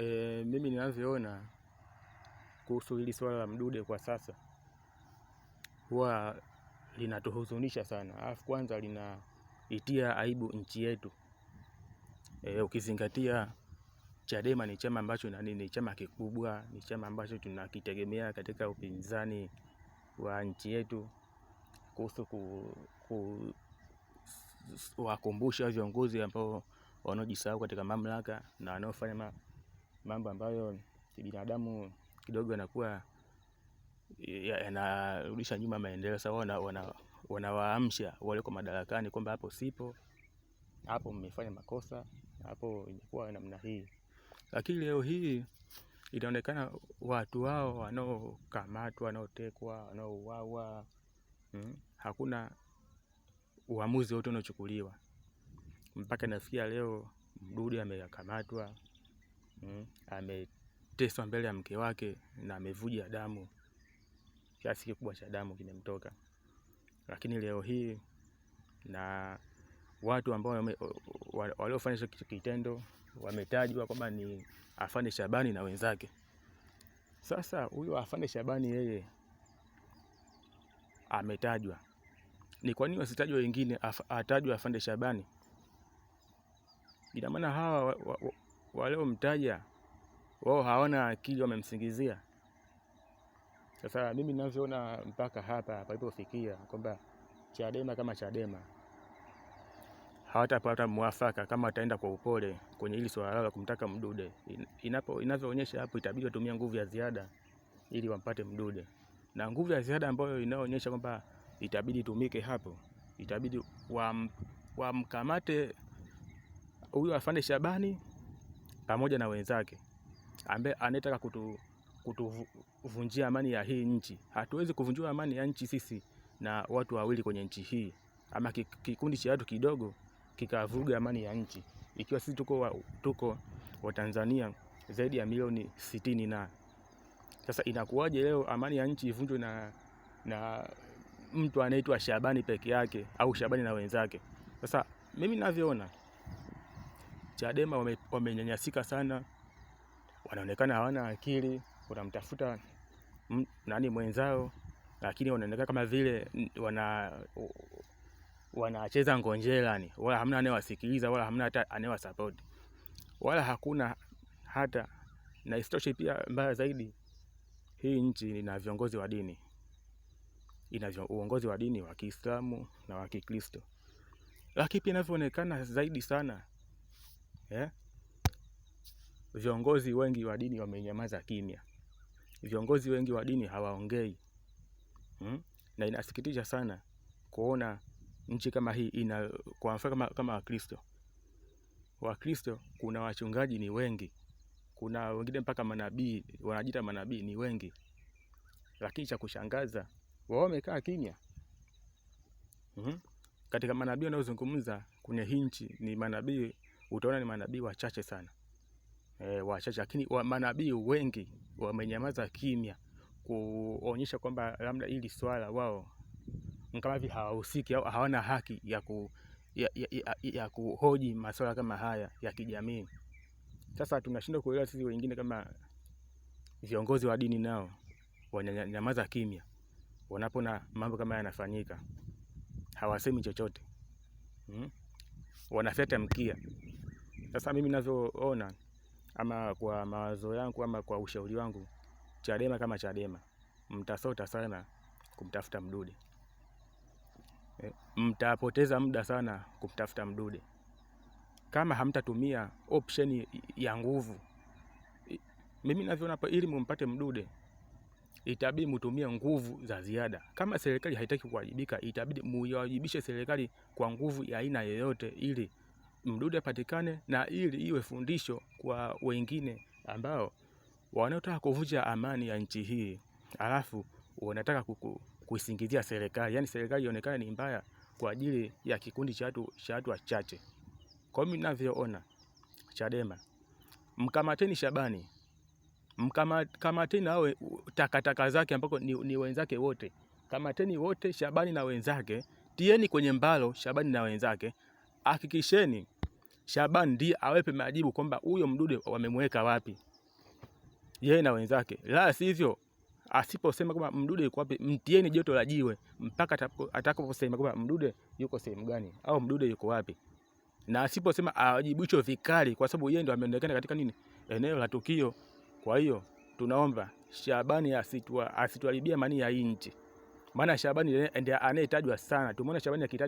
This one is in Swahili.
E, mimi ninavyoona kuhusu hili swala la mdude kwa sasa huwa linatuhuzunisha sana, alafu kwanza linaitia aibu nchi yetu e, ukizingatia Chadema ni chama ambacho nani, ni chama kikubwa, ni chama ambacho tunakitegemea katika upinzani wa nchi yetu, kuhusu kuwakumbusha viongozi ambao wanaojisahau katika mamlaka na wanaofanya mambo ambayo kibinadamu kidogo yanakuwa yanarudisha nyuma maendeleo. Sasa wana wanawaamsha walioko madarakani kwamba hapo sipo, hapo mmefanya makosa, hapo imekuwa namna hii. Lakini leo hii inaonekana watu wao wanaokamatwa, wanaotekwa, wanaouawa hmm, hakuna uamuzi wote unaochukuliwa mpaka nafikia leo Mdude amekamatwa mm, ameteswa mbele ya mke wake na amevuja damu, kiasi kikubwa cha damu kimemtoka. Lakini leo hii na watu ambao waliofanya hicho kitendo wametajwa kwamba ni Afande Shabani na wenzake. Sasa huyo Afande Shabani yeye ametajwa, ni kwa nini wasitajwe wengine? Atajwe Afande Shabani, ina maana hawa wa, wa, waliomtaja wao hawana akili, wamemsingizia. Sasa mimi ninavyoona mpaka hapa palipofikia, kwamba Chadema kama Chadema hawatapata mwafaka kama wataenda kwa upole kwenye hili swala lao la kumtaka Mdude. Inapo inavyoonyesha hapo, itabidi watumie nguvu ya ziada ili wampate Mdude, na nguvu ya ziada ambayo inaonyesha kwamba itabidi itumike hapo, itabidi wamkamate wa huyu Afande Shabani pamoja na wenzake ambaye anataka kutu kutuvunjia amani ya hii nchi. Hatuwezi kuvunjia amani ya nchi sisi na watu wawili kwenye nchi hii, ama kikundi cha watu kidogo kikavuruga amani ya nchi, ikiwa sisi tuko wa, tuko Watanzania zaidi ya milioni sitini na sasa inakuwaje leo amani ya nchi ivunjwe na, na mtu anaitwa Shabani peke yake au Shabani na wenzake? Sasa mimi ninavyoona Chadema wame, wamenyanyasika sana, wanaonekana hawana akili. Unamtafuta nani mwenzao, lakini wanaonekana kama vile wana wanacheza ngonjera ni, wala hamna anayewasikiliza wala hamna hata anayewasupport wala hakuna hata na. Isitoshe pia, mbaya zaidi, hii nchi ina viongozi wa dini, ina uongozi wa dini wa Kiislamu na wa Kikristo, lakini pia inavyoonekana zaidi sana yeah? Viongozi wengi wa dini wamenyamaza kimya, viongozi wengi wa dini hawaongei hmm? Na inasikitisha sana kuona nchi kama hii ina kwa mfano kama, kama Wakristo Wakristo kuna wachungaji ni wengi, kuna wengine mpaka manabii wanajiita manabii ni wengi, lakini cha kushangaza wao wamekaa kimya mm -hmm. Katika manabii wanaozungumza kwenye hinchi ni manabii utaona ni manabii wachache sana e, wachache lakini wa manabii wengi wamenyamaza kimya kuonyesha kwamba labda hili swala wao kama hivi hawahusiki au hawana haki ya, ku, ya, ya, ya, ya kuhoji masuala kama haya ya kijamii. Sasa tunashindwa kuelewa sisi wengine kama viongozi wa dini nao wananyamaza kimya wanapona mambo kama yanafanyika, hawasemi chochote hmm? wanafyata mkia. Sasa mimi ninavyoona ama kwa mawazo yangu ama kwa ushauri wangu, Chadema kama Chadema mtasota sana kumtafuta Mdude, eh, mtapoteza muda sana kumtafuta Mdude kama hamtatumia option ya nguvu. Mimi ninavyoona hapa, ili mumpate Mdude itabidi mutumie nguvu za ziada. Kama serikali haitaki kuwajibika, itabidi muiwajibishe serikali kwa nguvu ya aina yoyote, ili Mdude apatikane na ili iwe fundisho kwa wengine ambao wanaotaka kuvunja amani ya nchi hii, alafu wanataka kuisingizia serikali, yani serikali ionekane ni mbaya kwa ajili ya kikundi cha watu wachache. Kwa mimi ninavyoona, Chadema mkamateni Shabani mkamateni awe takataka zake ambako ni, ni wenzake wote. Kamateni wote Shabani na wenzake, tieni kwenye mbalo Shabani na wenzake. Hakikisheni Shabani ndiye awepe majibu kwamba huyo mdude wamemweka wapi, yeye na wenzake, la sivyo asiposema kwamba mdude yuko wapi, mtieni joto la jiwe mpaka atakaposema kwamba mdude yuko sehemu gani au mdude yuko wapi, na asiposema hicho vikali, kwa sababu yeye ndo ameonekana katika nini, eneo la tukio. Kwa hiyo tunaomba Shabani asituharibia mani ya nchi, maana Shabani ndiye anayetajwa sana. Tumeona Shabani akitaja